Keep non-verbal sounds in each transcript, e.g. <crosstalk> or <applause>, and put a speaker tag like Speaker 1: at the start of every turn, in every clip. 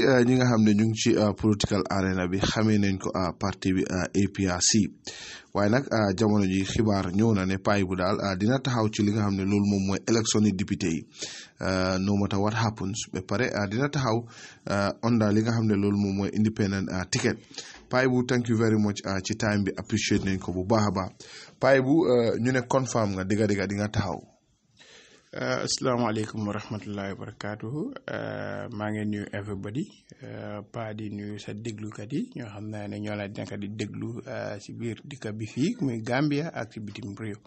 Speaker 1: Euh, ñi nga xam ne ñu ngi ci euh, political arena bi xamee nañ ko euh, parti bi APRC waaye nag jamono ji xibaar ñëw na ne paay bu daal dina taxaw ci li nga xam ne loolu moom mooy élection ni député yi no matter what happens ba pare dina taxaw onda li nga xam ne loolu moom mooy independent ticket paay bu thank you very much ci time bi appreciate nañ ko bu baax a baax paay bu ñu ne confirm nga digga digga di nga taxaw
Speaker 2: Uh, Assalamualaikum warahmatullahi wabarakatuh uh, maa ngi nuyu everybody euh pa uh, uh, di nuyu sa kat yi ñoo xamna ne ñoo la di deglu ci si biir dikka bi fi muy gambia ak ci bitim réew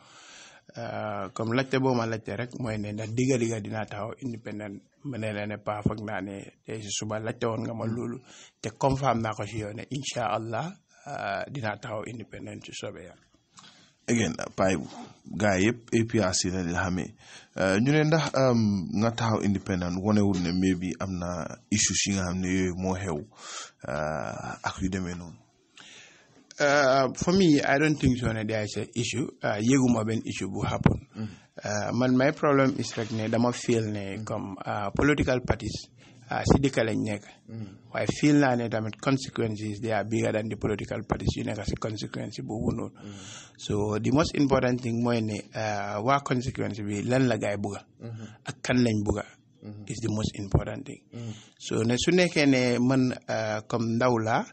Speaker 2: comme lacte boma lacte rek moy ne ndax digga diga dina taw independent mene la ne pa fak na ne ci suba lacte won nga ma hmm. lolu te confirm na ko ci yone inshallah insha allah uh, independent ci sobe ya
Speaker 1: again pa gaa yëpp APRC la di xamee ñu uh, ne ndax um, nga taxaw independent wanewul ne mais bi am na issues yi nga xam ne yooyu moo xew uh, ak yu demee noonu.
Speaker 2: Uh, for me, I don't think so. There is an issue. Yeguma uh, ben issue will happen. Man, mm. my problem is like ne dama feel ne mm. come political parties. Ah, si dëkk lañ nekk hmm. waaye fiil naa tamit consequences they are bigger than the political parties yu nekk si consequence boobu noonu hmm. so the most important thing mooy ne ah, waa consequence bi lan la gaay bugga hmm. ak kan lañ bugga is the most important thing so ne su nekkee ne man ah, comme ndaw laa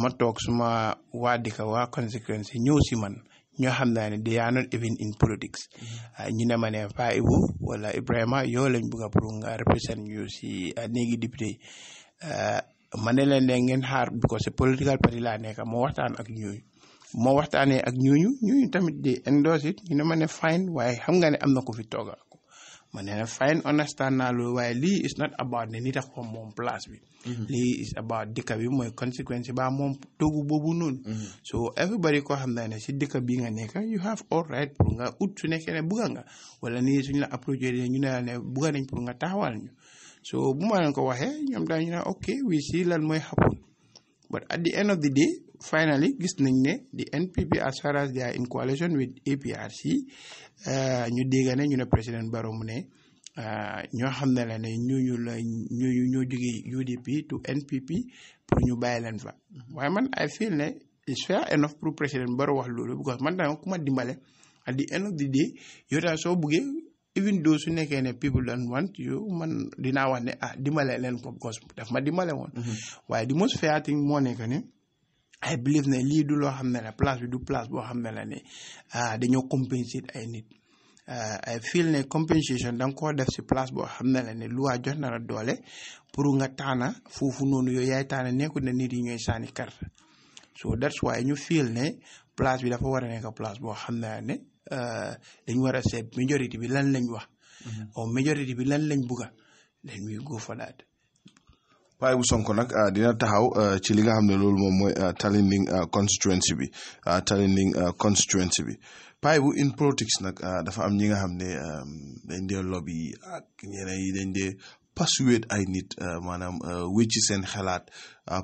Speaker 2: ma toog suma waa dëkk waa consequence ñëw si man they are not even in politics mm-hmm. ah, ñu ne ma ne Paa wala Ibrahima yoo lañ bëgg pour nga represent ñu si ah, néegi député ah, ma ne leen de ngeen xaar because que political party laa nekk moo waxtaan ak ñooñu moo waxtaanee ak ñooñu ñooñu tamit di endorse it ñu ne ma ne fine waaye xam nga ne am na ko fi tooga ma I find fine understand naa is not about the need a ko moom place bi. Mm-hmm. is about dëkk bi mooy conséquence ba moom mm-hmm. so everybody koo xam ne si dëkk bi nga you have all right pour nga ut su nekkee ne bugga nga wala nii suñ la approché ñu ne ne nañ pour nga taxawal ñu so bu ma leen ko have. ñoom daañu ne ok we see lan mooy xapoon. but at the end of the day finally gis nañ ne the NPP as far as they are in coalition with APRC uh, ñu dégg ne ñu ne président Barrow mu ne uh, ñoo xam ne la ne ñu la ñooñu ñoo jógee UDP to NPP pour ñu bàyyi leen fa waaye man I feel ne it's fair enough pour président Barrow wax loolu because man dama ku ma dimbale at the end of the day yow daal soo buggee even though su nekkee ne people don't want you man dinaa wax ne ah dimbale leen ko because daf ma dimbale woon. Mm-hmm. waaye the most fair thing moo nekk ni ay believe ne lii du loo xam ne la place bi du place boo xam ne la ne ah dañoo compensate ay nit. Ah, I feel ne compensation da ko def si place boo xam ne la ne lu waa jox na la doole pour nga na foofu noonu yooyu yaay taana nekkul ne nit yi ñooy sànni kar so that's why ñu feel ne place bi dafa war a nekk place boo xam ne la ne. Euh, dañ war a seet majorité bi lan lañ wax mhm. o majorité bi lan lañ bugga leen muy góofalaat
Speaker 1: Paa bu Sonko nag euh, dina taxaw euh, ci li nga xam ne loolu moom mooy Tallinding constituency bi Tallinding constituency bi paa bu in politics nag dafa am ñi nga xam ne dañ dee lobby ak ñeneen yi dañ dee persuade ay nit maanaam wécci seen xalaat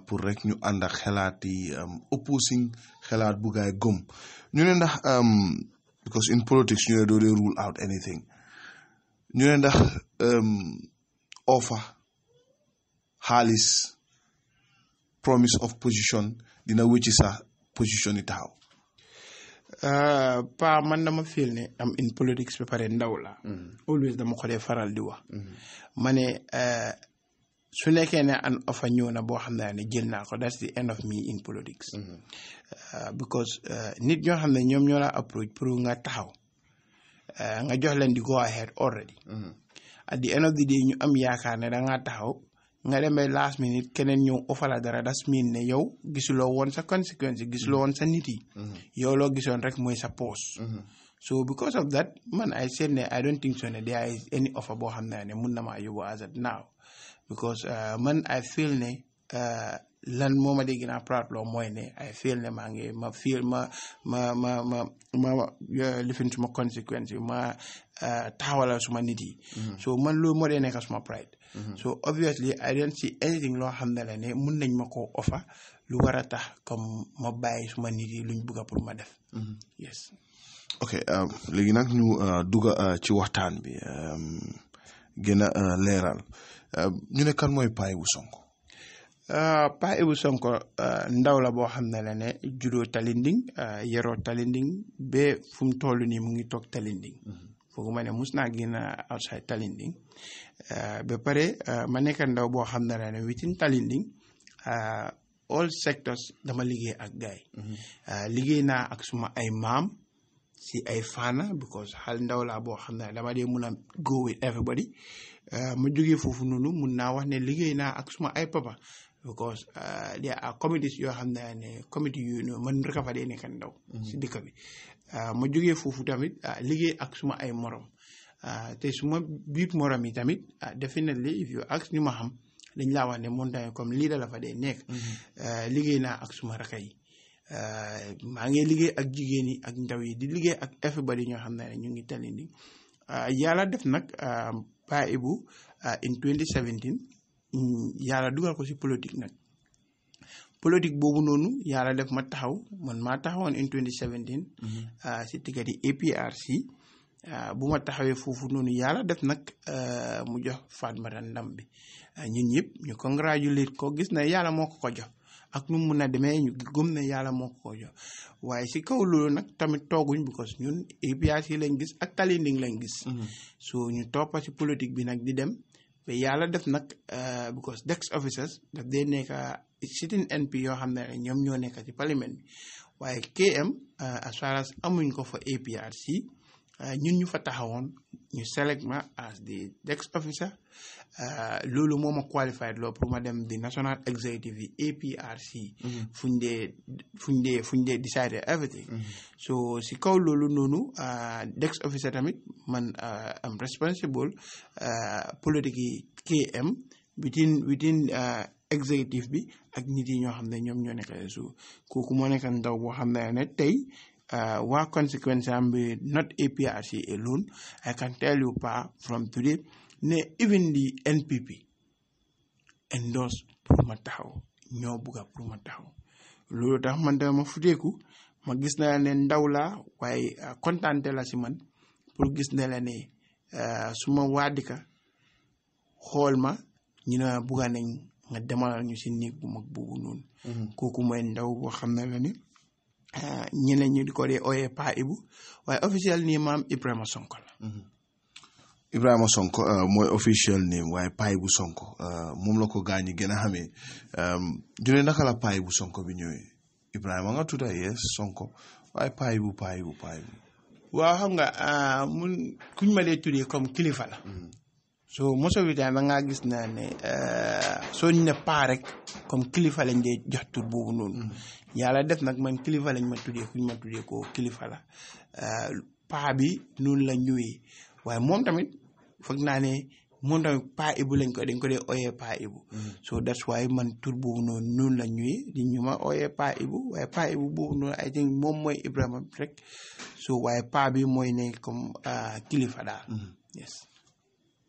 Speaker 1: pour rek ñu ànd ak xalaat yi opposing xalaat buga gaay ñu ne ndax. Because in politics, you don't rule out anything. You ne ndax um, offer xaalis promise of position which is a position yi taxaw
Speaker 2: uh, pa man dama feel ne am in politics ba pare ndaw la mm. always dama ko dee faral di wax mm-hmm. ma su nekkee ne an offer ñëw na boo xam ne jël naa ko that's the end of me in politics mm-hmm. uh, because uh, nit ñoo xam ne ñoom ñoo la approach pour nga taxaw uh, nga jox leen di go ahead already mm-hmm. at the end of the day ñu am yaakaar ne dangaa taxaw nga dem last minute keneen ñëw offer la dara das mean ne yow gisuloo woon sa conséquence gisuloo mm-hmm. woon sa nit yi yow loo gisoon rek mooy sa poos so because of that man I said ne I don't think so ne there is any offer boo xam ne mun na maa yóbbu now because uh, man I feel ne uh, lan moma ma gina gën a proud ne I feel ne ma nge ma feel ma ma ma ma ma ya, lifin my consequence ma uh, taxawalal suma nit yi mm -hmm. so man lo moo dee nekk suma pride mm -hmm. so obviously I don't see anything lo xamna ne la ne mun nañ mako ko offer lu wara tax comme ma baye suma nit yi luñ bugga pour ma def mm -hmm. yes
Speaker 1: ok um, legi nak ñu uh, dugga uh, ci waxtaan bi um, gëna leral uh, Euh, ñu ne kan mooy Pa Ebou Sonko.
Speaker 2: Euh, pa sonk euh, ndaw la boo xam ne la ne judoo Talinding yeroo Talinding ba fu mu toll nii mu ngi toog Talinding. Mm-hmm. foog ma ne mus naa génn outside Talinding ba pare ma nekk ndaw boo xam ne la ne within Talinding. all sectors dama liggéey ak gaay mm-hmm. liggéey naa ak suma ay maam si ay faana because xal ndaw la boo xam ne dama dee mun go with everybody Euh, ma jógee foofu noonu mun naa wax ne liggéey naa ak suma ay papa because euh, there are yoo xam ne committee yooyu noonu man rek a fa nekk ndaw mm-hmm. si dëkk bi euh, ma jógee foofu tamit liggéey ak suma ay morom te suma biir morom yi tamit definitely if you ñu ma xam dañ laa wax ne montagne comme lii da la nekk mm-hmm. liggéey naa ak suma raka yi maa ngi liggéey ak jigéen yi ak ndaw yi di liggéey ak everybody ñoo xam ne ñu ngi tali ni def nag Pa Ebou euh, in 2017 mm, yàlla dugal ko si politique nag politique boobu noonu yala def ma taxaw man maa taxawoon in 2017. Mm-hmm. Euh, ci tiggati APRC euh, bu ma taxawee foofu noonu yàlla def nag mu jox Fatoumatta ndam bi ñun ñëpp ñu congratulate ko gis na yàlla moo ko jox. ak nu mun a demee ñu gëm ne yàlla moo ko jox waaye si kaw loolu nag tamit tooguñ because ñun APRC yi lañ gis ak Talinding lañ gis mm-hmm. so ñu toppa si politique bi nag di dem ba yàlla def nag uh, because dex officers daf dee nekk uh, sitting NP yoo xam ne ñoom ñoo nekk ci parlement waaye KM uh, as far as amuñ ko fa APRC Euh, ñun ñu fa taxawoon ñu select ma as the dex officer euh, loolu moo ma qualified loo pour ma dem di national executive yi APRC mhm. fuñ dee fuñ dee fuñ dee decide everything mhm. so si kaw loolu noonu euh, dex officer tamit man am responsible politique yi KM within within executive bi ak nit yi ñoo xam ne ñoom ñoo nekk su kooku moo nekk ndaw boo xam ne tey uh, what consequence I'm not APRC alone, I can tell you pa, from today, even the NPP endorse Purumataho, Nyobuga Purumataho. loolu tax man dama ma futeeku ma gis na ne ndaw la waaye uh, kontaante la si man pour gis ne la ne uh, suma waadika xool ma ñu ne bugga nañ nga demalal ñu si néeg bu mag boobu noonu mm-hmm. ndaw la Eh, ñeneen ñu di ko dee ooyee Pa Ibu waaye officiel nii maam Ibrahima Sonko la. Mhm.
Speaker 1: Ibrahima Sonko euh, mooy officiel name waaye Pa Sonko euh, moom la ko gaañi gën a xamee june euh, naka la Sonko bi ñëwee Ibrahima nga tudda yees Sonko waaye Pa Ibu Pa Ibu Pa Ibu
Speaker 2: waaw xam nga kilifa so moso bi tamit da gis naa ne eh, soo ñu ne rek comme kilifa lañ dee jox tur boobu noonu mm-hmm. yàlla def nag man kilifa lañ ma tuddee kuñ ma tuddee ko kilifa la eh, paa bi la ñëwee waaye moom tamit foog naa ne moom tamit paa ibu lañ ko dañ ko dee mm-hmm. so that's why man tur boobu noonu noonu la ñëwee di ñu ma ooyee paa ibu waaye paa ibu boobu I think moom mooy Ibrahima rek so waaye paa bi mooy ne comme eh, kilifa daal mm-hmm.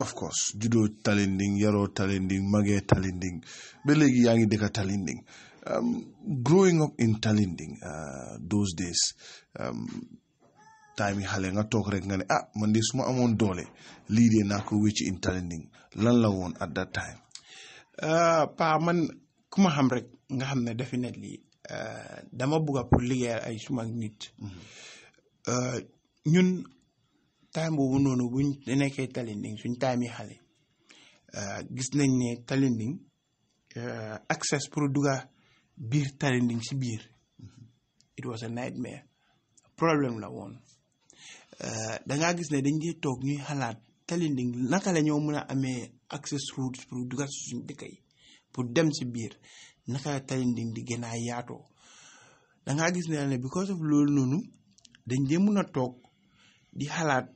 Speaker 1: of course judo talending yaro talending mage talending belegi legi yaangi deka talending um, growing up in talending uh, those days um, time yi xale nga toog rek nga ne ah man de suma amoon doole de naa ko wécc in talending lan la woon at that time
Speaker 2: uh, pa man ku ma rek nga xam ne definitely uh, dama bugga pour liggéeyal ay suma nit mm-hmm. uh, ñun time boobu noonu buñ nekkee Talending suñ time yi xale euh, gis nañ ne Talending euh, access pour dugga biir Talending si biir mm-hmm. it was a nightmare problème la woon euh, dangaa gis ne dañ dee toog ñuy xalaat Talending naka la ñoo mën a amee access routes pour dugga suñ dëkk pour dem si biir naka Talending di gën a yaatoo dangaa gis ne ne because of loolu noonu dañ dee mën a toog di xalaat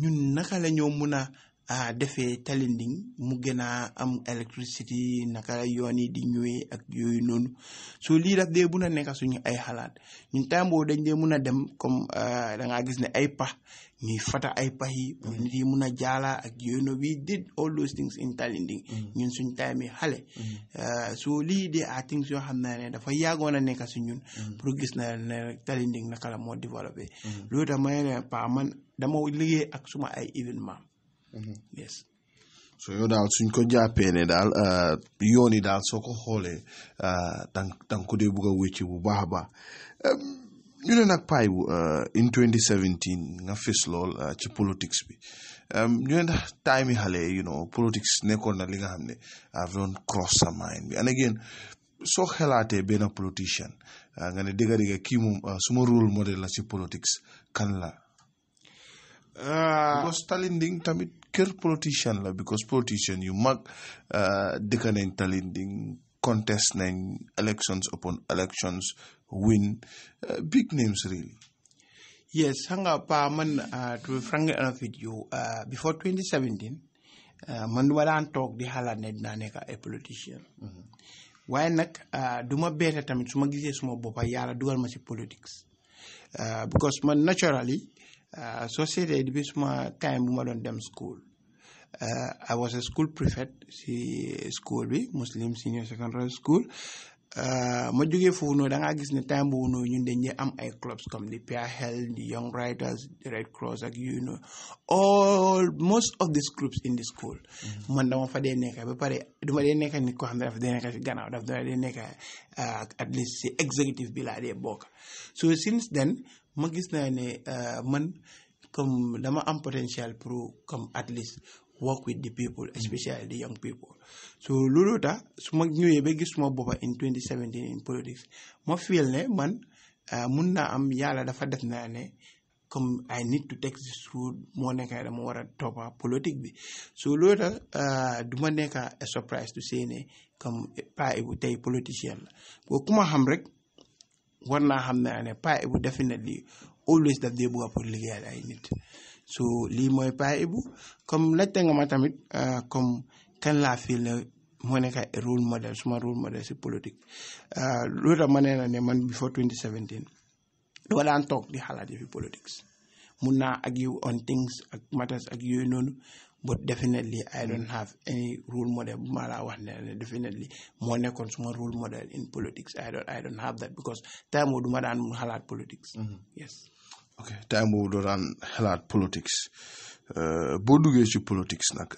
Speaker 2: ñun naka la ñoo mun a ah defee Tallinding mu gën a am electricity naka la yoon yi di ñëwee ak yooyu noonu so lii daf dee mun a nekk suñu ay xalaat ñun temps boobu dañ dee mun a dem comme da ngaa gis ne ay pax ñuy fata ay pax yi. pour mm. nit yi mun a jaala ak yooyu noonu we did all those things in Tallinding. Mm. ñun suñ time yi xale. Mm. so lii dee ah things yoo xam naa ne dafa yàggoon a nekk si ñun. pour gis na ne Tallinding naka la moo développé. pa man. dama liggéey ak suma ay événement mhm. yes
Speaker 1: so you daal suñ ko jàppee ne daal euh, yoon yi daal soo ko xoolee euh, da nga ko dee bugg wécc bu baax a ñu ne euh, in 2017 nga fis lool ci politics bi ñu ndax time yi xale you know politics nekkoon na li nga xam ne I've don't cross sa mind bi and again soo xelaatee benn politicien nga ne dëgga dëgga kii moom suma role model la ci politics kan la uh, because Talinding tamit kër politician la because politician yu mag uh, dëkk nañ Talinding contest nañ elections upon elections win uh, big names really.
Speaker 2: Yes, hanga pa man uh, to be frank enough with you, uh, before 2017, uh, man walaan toog di xalaat ne dinaa nekk a politician. mm -hmm. waaye nag uh, du ma beete tamit su ma suma boppa yàlla dugal ma politics uh, because man naturally associated bi suma time bu ma doon dem school uh, I was a school prefect si school bi Muslim Senior Secondary School uh, ma jógee foofu noonu da ngaa gis ne time boobu noonu ñun dañuy am ay clubs comme the Peer Health the Young Riders, the Red Cross ak you know all most of these groups in the school. Mm-hmm. man dama fa dee nekk ba pare duma dee nekk nit koo xam ne dafa dee nekk si gannaaw dafa dee nekk uh, at least si executive bi laa dee bokk so since then ma gis naa ne euh, man comme dama am potential pour comme at least work with the people especially the young people so loolu tax su ma ñëwee ba gis suma boppa in 2017 in politics ma feel ne man euh, mun naa am yàlla dafa def naa ne comme I need to take this road moo nekk dama war a toppa politique bi so loolu tax euh, du ma nekk a surprise to say ne comme pas bu tey politicien la ko ku ma xam rek war naa xam ne ne Pa Ibou definitely always daf dee bëgg pour liggéeyal ay nit so lii mooy Pa Ibou comme laajte nga ma tamit euh, comme kan laa fii ne moo nekk ay role model suma role model si politique euh, loolu tax ma nee man before 2017 dama daan toog di xalaat yi fi politics mun naa ak yow on things ak matters ak yooyu noonu but definitely I hmm. don't have any role model mala wax ne definitely moo nekkoon role model in politics I don't I don't have that because time would duma daan xalaat politics hmm. yes
Speaker 1: okay time would run daan xalaat politics euh, boo duggee ci politics nag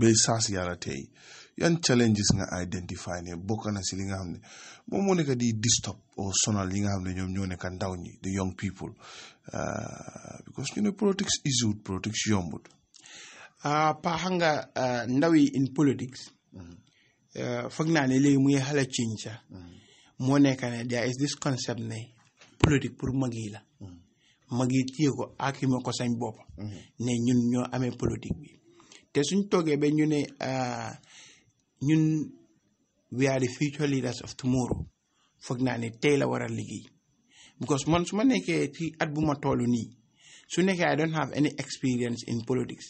Speaker 1: bay saas yàlla tey yan challenges nga identify ne bokk na si li nga xam ne moom moo nekk di disturb o sonal yi nga xam ne ñoom ñoo nekk ndaw ñi the young people euh, because you know politics issued politics yombut
Speaker 2: a euh, paaxa nga euh, ndaw yi in politics mm-hmm. euh, foog naa ne léegi muy xala ciñ sax moo nekk ne there is this concept ne politique pour mag yi la mm-hmm. mag yi ko akime ko sañ bopp mm-hmm. ne ñun ñoo amee politique bi te suñ toogee ba ñu ne ñun we are the future leaders of tomorrow foog naa ne tey la war a liggéey because man su ma nekkee ci at bu ma toll nii su nekkee I don't have any experience in politics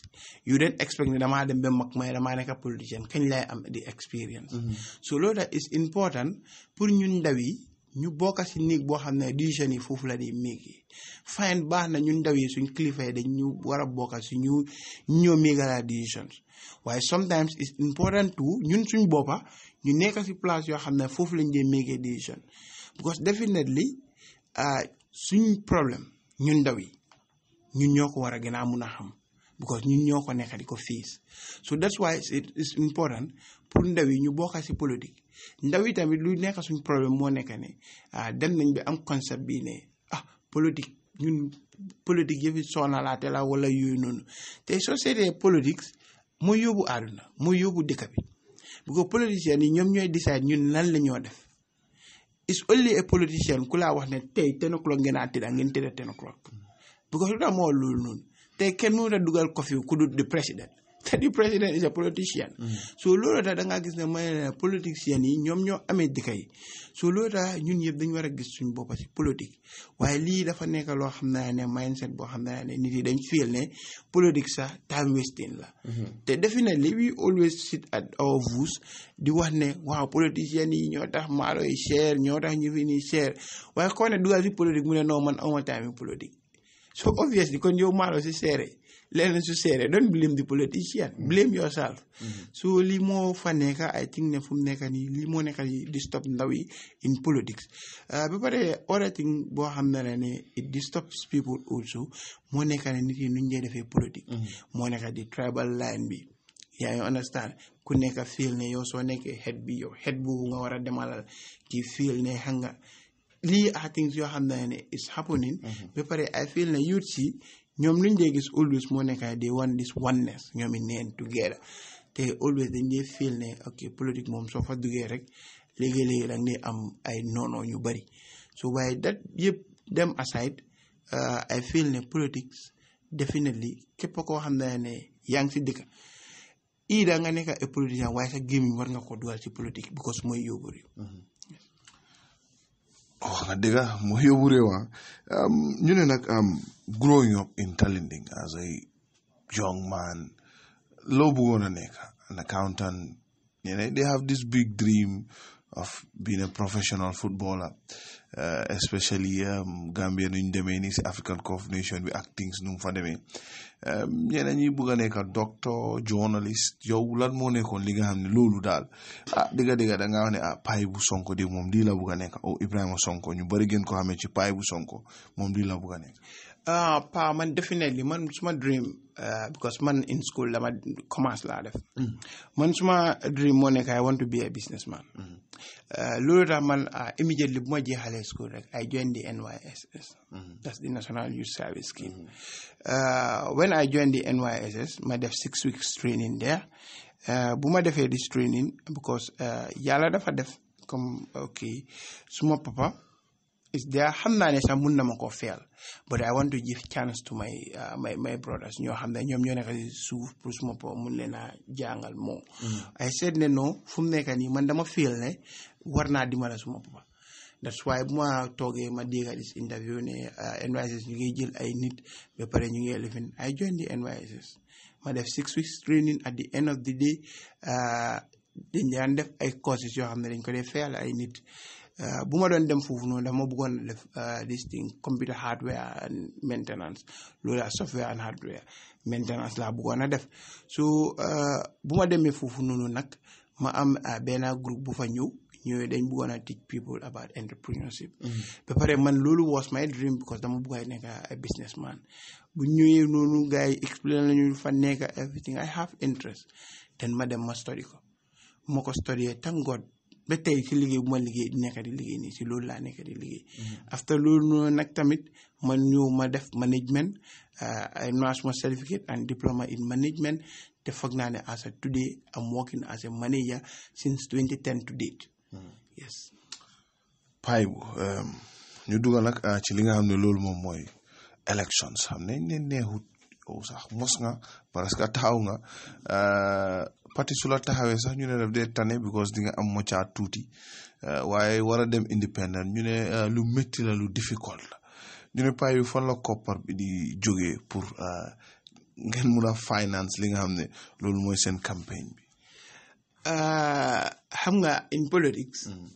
Speaker 2: you don't expect ne damaa dem ba mag may damaa nekk politicien kañ lay am di experience mm-hmm. so loolu that is important pour ñun ndaw yi ñu bokka si néeg boo xam ne décision yi foofu la di méegi fine baax na ñun ndaw yi suñ kilifa yi dañ ñu war a bokka si ñu ñoo méegalaa décisions waaye sometimes it's important to ñun suñ boppa ñu nekk si place yoo xam ne foofu lañ dee méegee décision because definitely ah, suñ problème ñun ndaw yi ñun ñoo ko war a gën a mun a xam because ñun ñoo ko nekk di ko face so that's why it's important pour ndaw yi ñu bokk si politique ndaw yi tamit lu nekk suñ problème moo nekk ne ah dem nañ bi am concept bii ne ah politique ñun politique yëfi soonalaate la wala yooyu noonu te soo seetee politique mooy yóbbu àdduna mooy yóbbu dëkk bi bu ko politiciens yi ñoom ñooy décide ñun lan la ñoo def it's only a politicien ku laa wax ne tey ten o'clock ngeen a tëdd ngeen tëdd ten o'clock because lu tax moo loolu noonu te kenn mënut a dugal ko fi ku dut di président <laughs> te di président is a politicien mm. so loolu tax da ngaa gis ne may ne politicien yi ñoom ñoo amee dëkk yi so loolu ñun yëpp dañu war a gis suñ boppa si politique waaye lii dafa nekk loo xam naa ne mindset boo xam naa ne nit yi dañ fiil ne politique sax time wasting la mm-hmm. te definitely we always sit at our vooz di wax ne waaw politicien yi ñoo tax maalo yi cher ñoo tax ñu fi nii cher waaye koo ne dugal si politique mu ne non So obviously, when you malo si sere, leneen su seere don't blame the politician mm-hmm. blame yourself mm-hmm. so limo faneka. I think ne fu neka nekka nii li moo nekka nii disturb ndaw yi in politics ah, ba pare other thing bo xam ne it disturbs people also moo nekka ne nit yi nu politics. defee politique mm-hmm. moo nekka tribal line bi Yeah, you understand ku nekka feel ne yow soo head bi yow head boobu nga war demalal ki feel ne hanga. lii are yoo xam ne ne is happening mm-hmm. ba pare I feel na youth si ñoom luñ dee gis always moo nekkaay they want this oneness ñoom it neen together te always dañ dee feel ne ok politique moom soo fa duggee rek léegi-léegi dang dee am ay noonoo ñu bari so waaye dat yëpp dem aside ay uh, feel ne politics definitely képp koo xam ne ne yaa ngi si dëkk ii da nga nekk ay waaye sa gémmiñ war nga ko dugal si politique because mooy yóbbu
Speaker 1: Oh, nga dëgga mu xewu réewa ñu um, ne um growing up in Talinding as a young man loo bëggoon a nekk an accountant you know, they have this big dream of being a professional footballer Euh, especially um, Gambia nu ñu demee nii si African Cup Nation bi ak things nu mu fa demee um, ñeneen ñi bëgg a nekk docteur journalist yow lan moo nekkoon li nga xam ne loolu daal ah dëgg dëgg da ngaa wax ne ah paay bu sonko di moom lii la bëgg a nekk oh, Ibrahima Sonko ñu bari gën ko xamee ci paay bu sonko moom lii la bëgg a nekk.
Speaker 2: ah pa man definitely man suma dream uh, because man in school dama commerce laa def mm. man suma dream moo nekk I want to be a businessman mm. uh, loolu tax man ah, immediately bu ma jeexalee school rek I joined the NYSS mm. that's the National Youth Service Scheme uh, when I joined the NYSS ma def six weeks training there bu ma defee this training because yàlla dafa def comme ok suma papa it's there xam naa ne sax mun na ma ko but I want to give chance to my uh, my my brothers ñoo xam ne ñoo nekk suuf plus suma po mun jàngal mm-hmm. I said ne non fu mu nekk nii man dama feel ne war naa suma papa. that's why I ma toogee ma dear this interview ne uh, NYSS ñu ngi jël ay nit pare ñu ngi I joined the NYSS ma def six weeks training at the end of the day uh, dañ def ay courses yoo xam dañ ko dee ay nit. Uh, bu ma dem foofu noonu dama bëggoon def uh, this thing computer hardware and maintenance loolu software and hardware maintenance la bëggoon a def so uh, bu ma demee foofu noonu nag ma am benn groupe bu fa ñëw ñëwee dañ bëggoon a teach people about entrepreneurship mm-hmm. ba pare man loolu was my dream because dama bëgg a nekk a businessman bu ñëwee noonu gars yi explain lañu fa nekk everything I have interest then ma dem ma study ko ma ko study thank God ba tey ci liggéey bu ma liggéey di nekk di liggéey nii ci loolu laa nekk di liggéey. Mm-hmm. after loolu nag tamit man ñëw ma def management I notched my certificate and diploma in management te foog naa ne as a today I'm working as a manager since 2010 to date. Mm-hmm. yes. Paa
Speaker 1: um, ñu dugal nag euh, ci li nga xam ne loolu moom mooy elections xam nañ ne neexut yow sax mos nga parce que taxaw nga euh, parti su taxawee sax ñu ne daf dee tane because di nga am mocca tuuti eh, waaye war a dem independent ñu ne eh, lu métti la lu difficult ñu ne pay bi fan la koppar bi di jógee pour eh, ngeen mun a finance li nga xam ne loolu mooy seen campagne bi
Speaker 2: xam nga in politics hmm.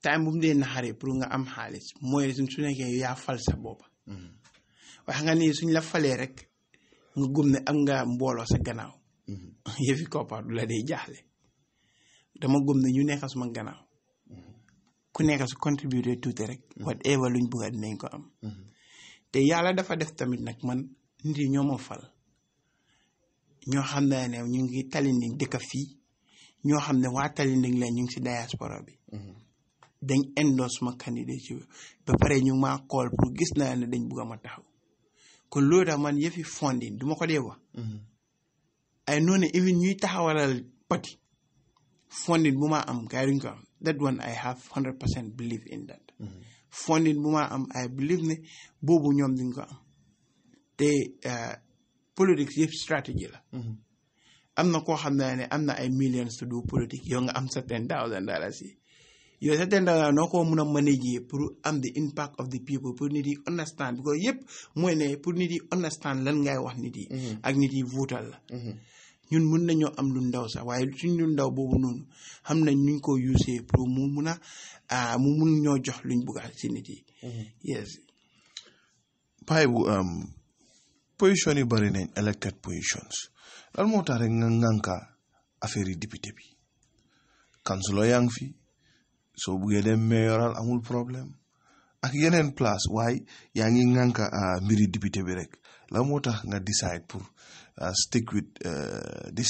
Speaker 2: time bu dee naxaree pour nga am xaalis mooy suñ su nekkee yaa fal sa boppa hmm. wax nga nii suñ la rek nga gëm ne am nga mbooloo sa gannaaw Mm-hmm. <laughs> yëfi koppar du la day jaaxle dama gëm ne ñu nekk suma ganaaw mm-hmm. ku nekk su contribuer tuuti rek mm-hmm. whatever luñ bëgg a dinañ ko am te yàlla dafa def tamit nag man nit yi ñoo ma ñoo xam ne ne ñu ngi Tallinding dëkk fii ñoo xam ne waa Tallinding la ñu ngi si diaspora bi dañ endorse ma candidat ci ba pare ñu maa xool pour gis naa ne dañ bugg a ma taxaw kon loolu tax man yëfi funding du ma ko dee wax I know that even new tawalal party funding muma am guiding am. That one I have hundred percent believe in that. Mm -hmm. Funding muma am I believe ne bobu nyom dingo am. uh, politics yep strategy la. Mm am na koo xam ne ne am na ay millions to do politics. yow nga am certain thousand dollars yi yow certain dollars noo ko mun manage manager pour am the impact of the people pour nit yi understand because yep, mooy ne pour nit understand lan ngay wax nit yi mm-hmm. ak nit yi votal la mm-hmm. ñun mën nañoo am lu ndaw sax waaye suñ lu ndaw boobu noonu xam nañ nuñ ko usee pour mu mun a mu mun ñoo jox luñ bëgg si nit yi. Mhm. yes.
Speaker 1: pay bu am position yu bari nañ elected positions lan moo tax rek nga ngànka affaire yi député bi kansulo yaa ngi fi soo buggee dem mayoral amul problème ak yeneen place waaye yaa ngi ngànka mbiri député bi rek lan moo tax nga decide pour. Uh, stick with uh, this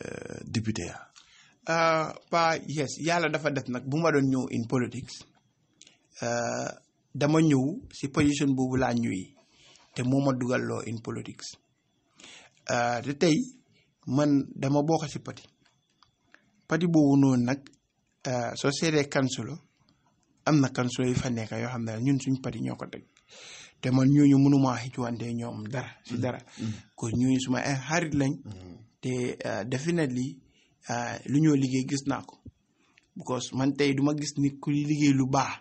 Speaker 1: uh, député
Speaker 2: pa yes yàlla dafa def nag bu ma doon ñëw in politics dama ñëw si position boobu laa ñëwee te moom ma dugal loo in politics te tey man dama bokk si pati pati boobu noonu nag soo seetee kansulo am na kansulo yu fa nekk yoo xam ne ñun suñ pati ñoo ko te man ñooñu mënumaa xiccuwante ñoom dara si mm-hmm. dara mm-hmm. kon ñooñu suma ay xarit lañ mm-hmm. te ah, definitely ah, lu ñoo liggéey gis naa ko because man tey duma gis nit ku liggéey lu baax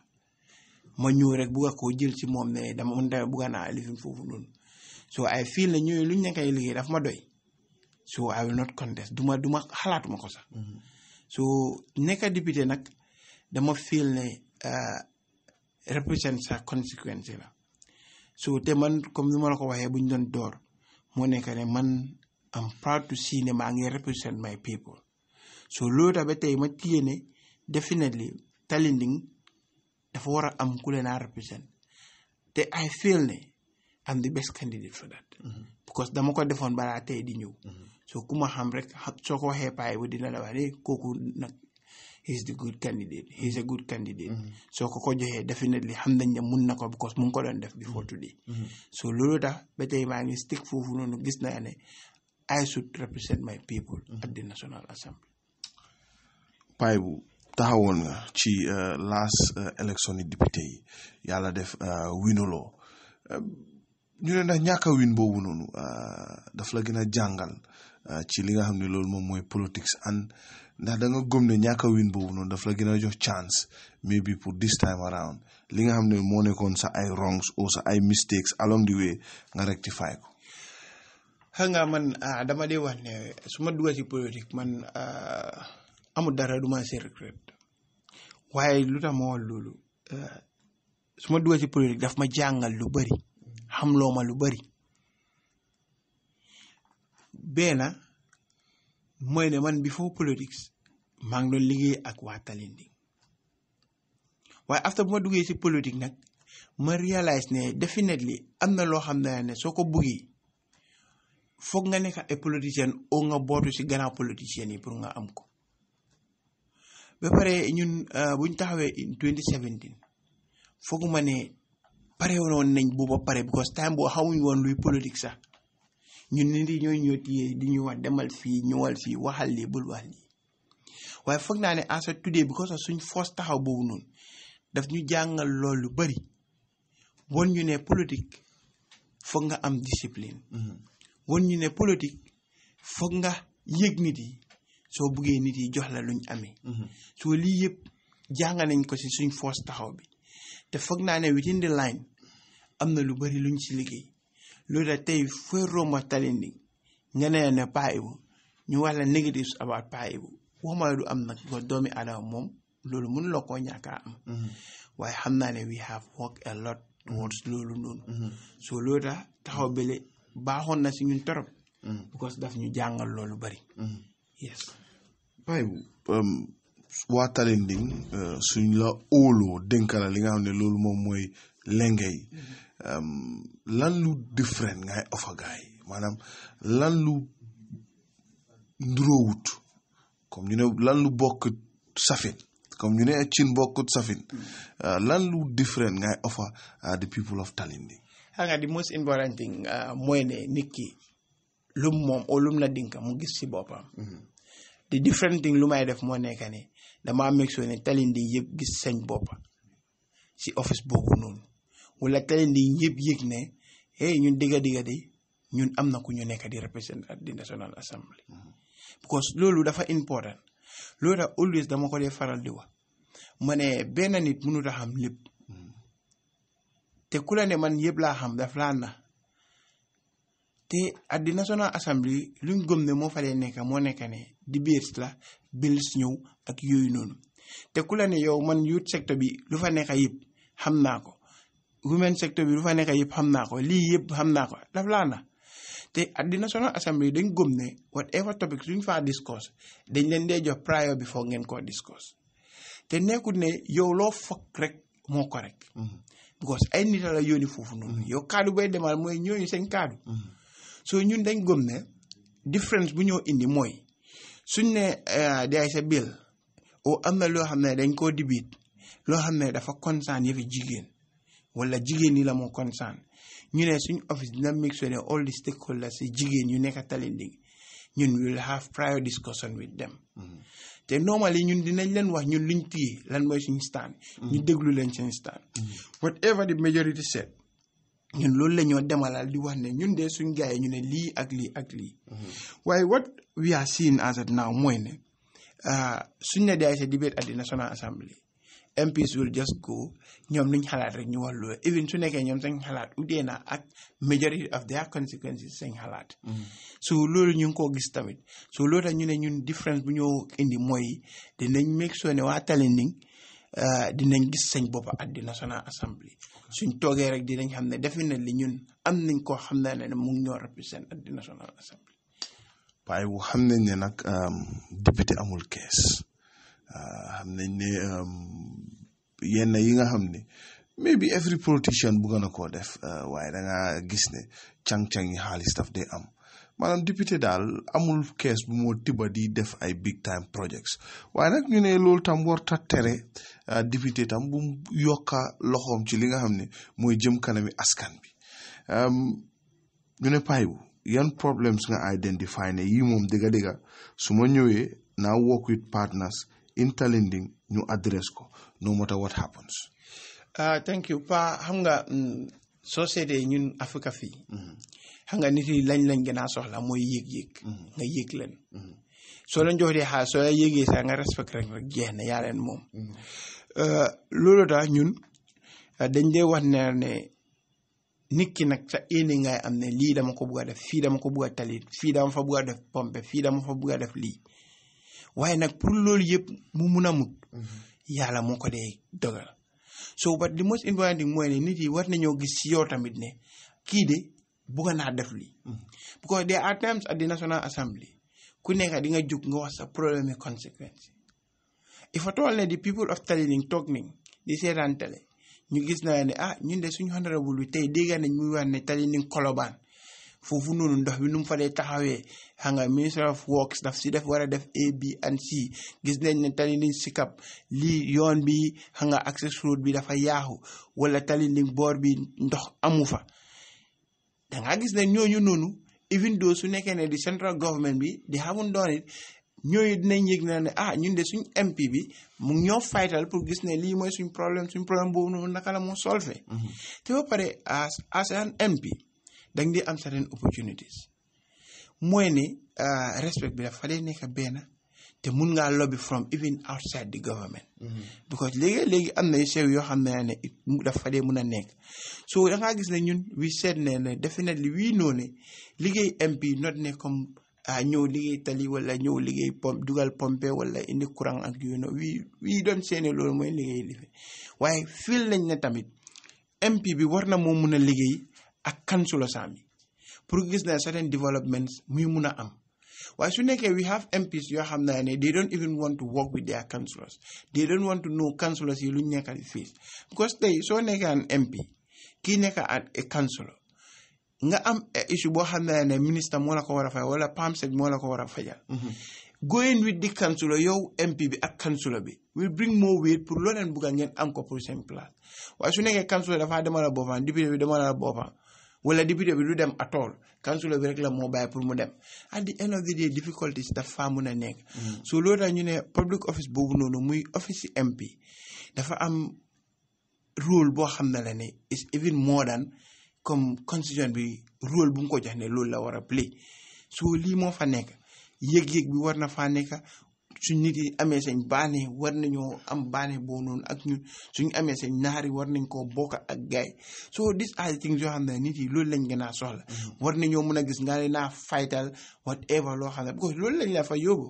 Speaker 2: ma ñëw rek bugga koo jël si moom ne dama mun tamit bugga naa foofu noonu so ay feel na ñooñu lu ñu nekkay liggéey daf ma doy so I will not contest duma duma xalaatuma ko sax so nekka député nag dama feel ne ah, represent sa conséquence la so te man comme ni ma la ko waxee bu ñu door moo nekk ne man am proud to see ne maa ngi represent my people so loolu tamit tey ma téye ne definitely Talinding dafa war a am ku leen represent te I feel ne am the best candidate for that mm-hmm. because dama ko defoon balaa tey di ñëw mm-hmm. so ku ma xam rek soo ko waxee paay bu dina la wax kooku nag he's the good candidate he's a good candidate mm-hmm. soo ko ko joxee definitely xam nañ ne mun na ko because mu ngi ko doon def before mm-hmm. today mm-hmm. so loolu tax ba tey maa ngi stick foofu noonu gis na ne I should represent my people at the National Assembly
Speaker 1: pay bu taxawoon nga ci uh, last uh, election yi yi yàlla def uh, winuloo um, ñu ne ndax ñàkk a win boobu noonu daf la gën a jàngal ci li nga xam ne loolu moom mooy politics and ndax da nga gëm ne ñàkk a boobu noonu daf la gën a jox chance maybe pour this time around li nga xam ne moo nekkoon sa ay wrongs ou sa ay mistakes along the way nga rectify ko.
Speaker 2: xam nga man ah, dama dee wax ne su ma dugg ci politique man ah, amul dara du ma see regret waaye lu tax ma wax loolu ah, su ci politique daf ma jàngal lu bari xamloo ma lu bari benn. mooy ne man before politics maa ngi doon liggéey ak waa Talinding waaye after bu ma duggee si politique nag ma réalise ne definitely am na loo xam ne soo ko buggee foog nga nekk ay politicien oo nga bootu ci gannaaw politicien yi pour nga am ko ba pare ñun uh, bu ñu taxawee in 2017 fooguma ne pare woon nañ bu ba pare because time boo xamuñ woon luy politique sax ñun nit yi ñooy ñoo téye di ñuy wax demal fii ñëwal fii waxal lii bul wax lii waaye foog naa ne en ce tuddee bi ko a suñ foos taxaw boobu noonu daf ñu jàngal loolu lu bëri won ñu ne politique foog nga am discipline. Mm-hmm. won ñu ne politique foog nga yëg nit yi soo buggee nit yi jox la luñ amee. Mm-hmm. soo lii yëpp jàngal nañ ko si suñ foos taxaw bi te foog naa ne within the line am na lu bëri luñ si liggéey. that fue Roma talending. Ngana na paibu. Ñu wala negatives about paibu. Wama du am nak go doomi adam mom lolu mun la ko am. Mm-hmm. Waye xam na we have worked a lot towards lolu non. Mm-hmm. So loda taxaw bele baaxoon na si ñun torop. Mm-hmm. because daf ñu jàngal loolu bari. yes.
Speaker 1: paibu um, waa Talending uh, suñ la óoloo dénk la li nga xam ne loolu moom mooy lengay lan lu different ngay offer gaay maanaam lan lu nduroowut comme ñu ne lan lu bokkut safin comme ñu ne cin bokkut safin hmm. euh, lan lu different ngay offer the people of Talinding
Speaker 2: xam nga most important thing euh, mooy ne nit ki lum moom o lum dinka mu gis si boppam hmm. the different thing lu may def moo nekka ne dama make sure Talinding yëpp gis seen bopp ci office boobu noonu wala ka leen di yëpp yëg ne hey ñun digga digga ñun am na ku ñu nekk di représenter at di national assembly mm-hmm. because loolu dafa important loolu daal always dama ko dee faral di wax ma ne benn nit mënut a xam lépp mm-hmm. ku la ne man yëpp laa xam daf laa na te addi national assembly luñ gëm ne moo fa dee nekk moo nekk di debates la bills ñëw ak yooyu noonu te ku la yow man youth secteur bi lu fa nekk yëpp xam naa ko women secteur bi du fa nekk yëpp xam naa ko lii yëpp xam naa ko daf laa na te at di national assembly dañ gëm ne whatever topic suñ faa discuss dañ leen dee jox prior before ngeen koo discuss te nekkul ne yow loo fokk rek moo ko rek mhm. because ay nit la yónni foofu noonu mhm. yow kaddu bay demaal mooy ñooñu seen kaddu mhm. so ñun dañ gëm ne différence bu ñoo indi mooy suñ ne eh, day sa bill o oh, am na loo xam ne dañ koo dibiit loo xam ne dafa concerne yëfi jigéen wala jigéen ñi la moo concerne ñu ne suñu office dina make sure ne all the stakeholders si jigéen ñu nekk Talinding ñun will have prior discussion with them mm-hmm. te normally ñun dinañ leen wax ñun luñ téye lan mooy suñu stand mm-hmm. ñu déglu leen seen stand mm-hmm. whatever the majority said ñun loolu la ñoo demalal di wax ne ñun de suñ gaay ñu ne lii ak lii ak lii waaye what we are seeing as at now mooy ne ah, suñ ne day sa debate at the National Assembly MPs will just go ñoom luñ xalaat rek ñu wax loolu even su nekkee ñoom seen xalaat udee na ak majority of their consequences seen xalaat mm-hmm. so loolu ñu ngi koo gis tamit so loolu tax ñu ne ñun différence bu ñoo indi mooy dinañ make sure ne waa talin Tallinding uh, dinañ gis seen bopp at di National Assembly suñ toogee rek dinañ xam ne defe na li ñun am nañ koo xam naa ne mu ngi ñoo represent at di National Assembly
Speaker 1: waaye xam nañ ne nag um, député amul kees xam nañ ne euh, yenn yi nga xam ne maybe every politician bu gën a koo def euh, waaye da nga gis ne càng-càng xaalis daf day am maanaam député daal amul kees bu moo tiba di def ay big time projects waaye nag ñu ne tam warta tere euh, député tam bu yokka loxoom ci li nga xam ne mooy jëm kanami askan bi ñu ne pay bu yan problems nga identify ne yii moom dëgga dëgga su ma ñëwee naa work with partners interlending ñu address ko no matter what
Speaker 2: happens ah uh, thank you pa xam nga mm, soo ñun africa fii mhm. xam nga nit yi lañ lañ gëna soxla moy yëg-yëg mhm. nga yëg leen -hmm. soo leen jox dee xaar soo leen yëgee sax nga respect rek rek jeex na leen moom uh, loolu tax ñun euh, dañ dee wax ne ne nit ki nag sa yéene ngay am ne lii dama ko bugg def fii dama ko bugg a talit fii dama fa bugg def pompe fii dama fa bugg a def lii waaye nag pour loolu yëpp mu mun a mut mhm. yàlla moo ko dee dogal so but the most important thing mooy ne nit yi war nañoo gis ci yow tamit ne kii de bëgg naa def lii mhm. because there are times at the National Assembly ku nekk di nga jóg nga wax sa problème et conséquence il faut tool ne di people of Tallinn toog nañ di seetaan télé ñu gis na ne ah ñu de suñu honorable bi tey dégg nañ muy wax ne Tallinn Colobane foofu noonu ndox bi nu mu fa dee taxawee xam nga ministry of works daf si def war a def A B and C gis nañ ne tali si sikap lii yoon bi xam nga access road bi dafa yaaxu wala tali liñ boor bi ndox amu fa dangaa gis ne ñooñu noonu even though su nekkee ne di central government bi di haven't done it ñooñu dinañ yëg na ne ah ñun de suñ MP bi mu ñoo faytal pour gis ne lii mooy suñ problème suñ problème boobu noonu naka la moo solve mm-hmm. te ba pare as an MP dang di am certain opportunities mooy uh, ne respect bi dafa dee nekk benn te mun ngaa lobby from even outside the government mm-hmm. because léegi léegi am na yu sew yoo xam ne ne dafa dee mun a nekk so da ngaa gis ne ñun we said ne ne definitely we know ne liggéey MP not ne comme ñëw liggéey tali wala ñëw liggéey pom dugal pompe wala indi courant ak yooyu we we wii doon seene loolu mooy liggéey life waaye fiil nañ ne tamit MP bi war na moo mun a liggéey ak councilor sami pour gis na certain developments muy mun a am waaye su nekkee we have MPs yoo xam naa ne they don't even want to work with their councilors they don't want to know councilors yi luñ nekka di face because tey soo nekkee an MP kii nekka a councilor nga am issue boo xam naa ne ministre moo la ko war a fay wala PAMSEC moo la ko war a fajal mm-hmm. going with the councilor yow MP bi ak councilor bi will bring more weight pour loo leen bugga ngeen am ko pour seen place waaye su nekkee councilor dafa demal a boppam député bi demal a boppam wala député bi du dem at all councilor bi rek la moo bàyyi pour mu dem at the end of the day difficulties dafa mun a nekk mm. so loolu tax ñu ne public office boobu noonu muy office MP dafa am rôle boo xam ne la ne is even more than comme constitution bi rôle bu mu ko jox ne loolu la war a play so lii moo fa nekk yëg-yëg bi war na faa nekk suñ nit yi amee seen baane war nañoo am baane boo noonu ak ñun suñ amee seen ñaari war nañ koo bokk ak gaay so this are the things yoo xam ne nit yi loolu lañ gën a soxla mm-hmm. war nañoo mën a gis nga leen naa faytal whatever loo xam ne because loolu lañ la fa yóbbu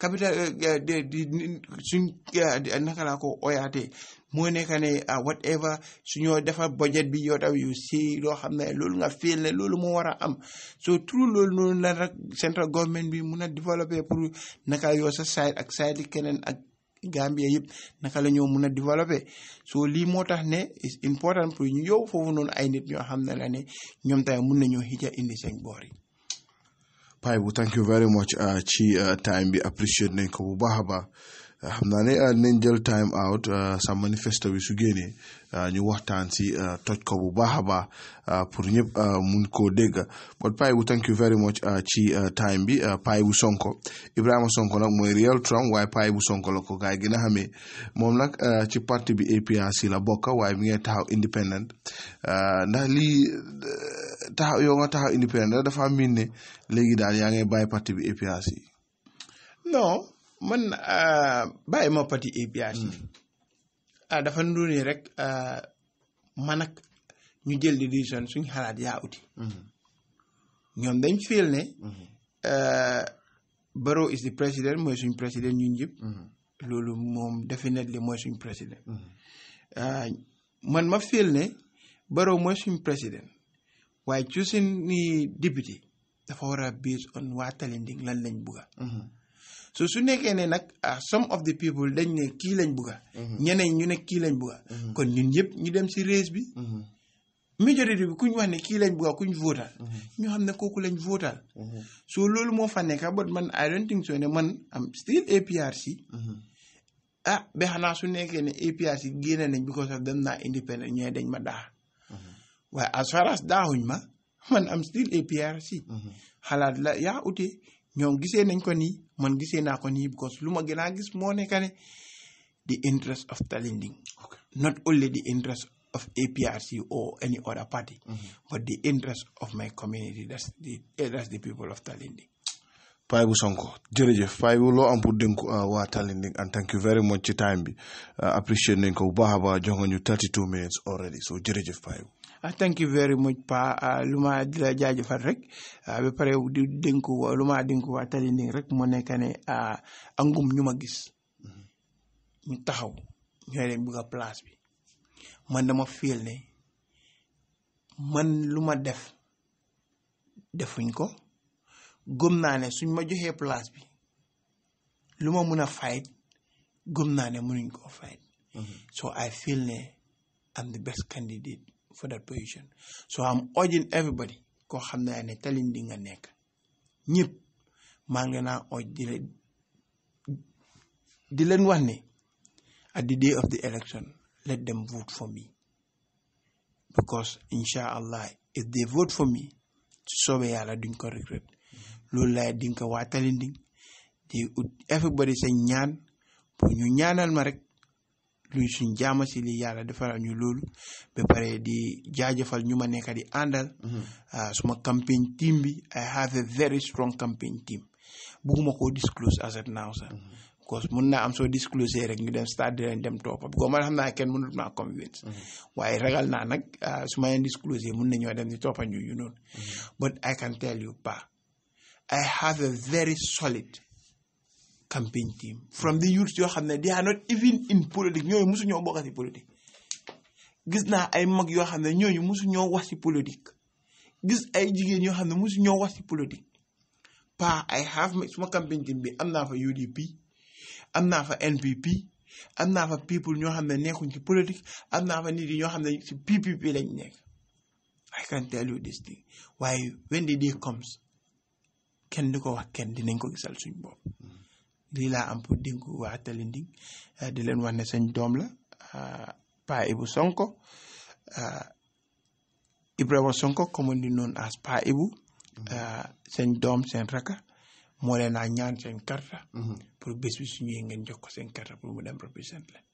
Speaker 2: capital eh, eh, suñ eh, naka laa ko oyaatee moo nekk ne ah, whatever su ñoo defar budget bi yow taw yu si loo xam ne loolu nga fiil ne loolu moo war a am so trou loolu noonu la rek central government bi mun a développer pour naka yoo sa side ak side li keneen ak Gambia yëpp naka la mun a développer so lii moo tax ne is important pour ñu yow foofu noonu ay nit ñoo xam ne la ne ñoom mun nañoo xija indi seen boor yi
Speaker 1: bu thank you very much ah, ci ah, time bi appreciate nañ ko bu baax a baax xam naa ne euh, nañ jël time out euh, sa manifesto bi su euh, ñu waxtaan si toj ko bu baax a baax pour ñëpp mun ko dégg but Paa bu thank you very much ci time bi Paa bu Sonko Ibrahima Sonko nag mooy real Trump waaye Paa bu Sonko la ko gaay gën a moom nag ci parti bi si la bokk waaye mi ngi taxaw independent ndax lii taxaw yow nga taxaw independent dafa miin ne léegi daal yaa ngay bàyyi parti bi APRC
Speaker 2: non. man ah, bàyyi ma pati apiage yi hmm. ah dafa nduni rek ah, man ak ñu jël di décision suñ xalaat yaa uti hmm. ñoom dañ fiil ne hmm. ah, Barrow is the président mooy suñ président ñun ñëpp loolu moom definitely mooy suñ président man ma fiil ne Barrow mooy suñ président waaye ci suñ ni député dafa war a based on waa Talinding lan lañ bugga so su nekkee ne nag ah, some of the people dañ ne kii lañ bugga mhm. ñeneen ñu ne kii lañ bugga mhm. kon ñun yëpp ñu dem si race bi mhm. majorité bi ku ñu wax ne kii lañ bugga ku ñu votal ñu xam ne kooku lañ votal so loolu moo fa nekka but man I don't think so ne man am still APRC ah ba xanaa su nekkee ne APRC génne nañ because of dem naa independent ñooy dañ ma daax waaye as far as daaxuñ ma man am still APRC xalaat la yaa ute ñoom gisee nañ ko nii man gisee naa ko nii because lu ma gën a gis moo nekk ne the interest of Talending okay. not only the interest of APRC or any other party mm -hmm. but the interest of my community that's the eh, that's the people of Talending
Speaker 1: Pay bu Sonko jërëjëf Pay bu loo am pour dénku ah, waa Talending and thank you very much ci time bi ah, appreciate nañ ko bu baax a baax jox ñu 32 minutes already so jërëjëf Pay
Speaker 2: Ah, thank you very much pa ah, lu ma di la jaajëfal rek ah, ba pare di dénku lu ma dénku waa Tallinding rek moo nekk ne angum ñu ma gis mm-hmm. ñu taxaw ñooy leen bëgg place bi man dama fiil man lu ma def defuñ ko gëm naa ne suñ ma joxee place bi lu ma mun a fight gëm naa ne mënuñ koo fight mm-hmm. so I feel ne the best candidate for that position. So I'm urging everybody koo xam ne ne talindi nga nekk ñëpp maa ngi leen a urge di leen di leen wax ne at the day of the election let them vote for me because insha if they vote for me su soobee yàlla duñ ko regret loolu laay diñ ko waa talinding di everybody say ñaan pour ñu ñaanal ma rek luy suñ jaama si li yàlla defaral ñu loolu ba pare di jaajëfal ñu ma nekk di àndal mhm. ah, suma campaign team bi I have a very strong campaign team bugguma koo disclose as at now sax because mhm. mun naa am soo disclosé rek ñu dem stade di leen dem toppa because man xam naa kenn mënut maa convince mhm. waaye ragal naa nag ah, su ma leen disclosé mun nañoo dem di toppa ñu you know but I can tell you Pa I have a very solid campaign team from the youth yoo xam they are not even in politique ñooñu mosu ñoo bokk ci politique gis naa ay mag yoo xam ne ñooñu mosu ñoo wax ci politique gis ay jigéen yoo xam ne mosu ñoo wax ci politique paa ay half suma campaign team bi am naa fa UDP am naa fa NPP am naa fa people ñoo xam ne nekkuñ ci politique am naa fa nit yi ñoo xam ne ci PPP lañ nekk I can tell you this thing Why? when the day comes kenn du ko wax kenn dinañ ko gisal suñ bopp. lii laa am pour dénku waa Tallinding euh, di leen wax ne sañ doom la euh, Pa Ibu Sonko euh, Ibrahima Sonko commonly known as Pa Ibu mhm. seen doom seen raka moo leen a ñaan seen karta mhm. pour bés bi su ñëwee ngeen jox ko seen karta pour mu dem représenté leen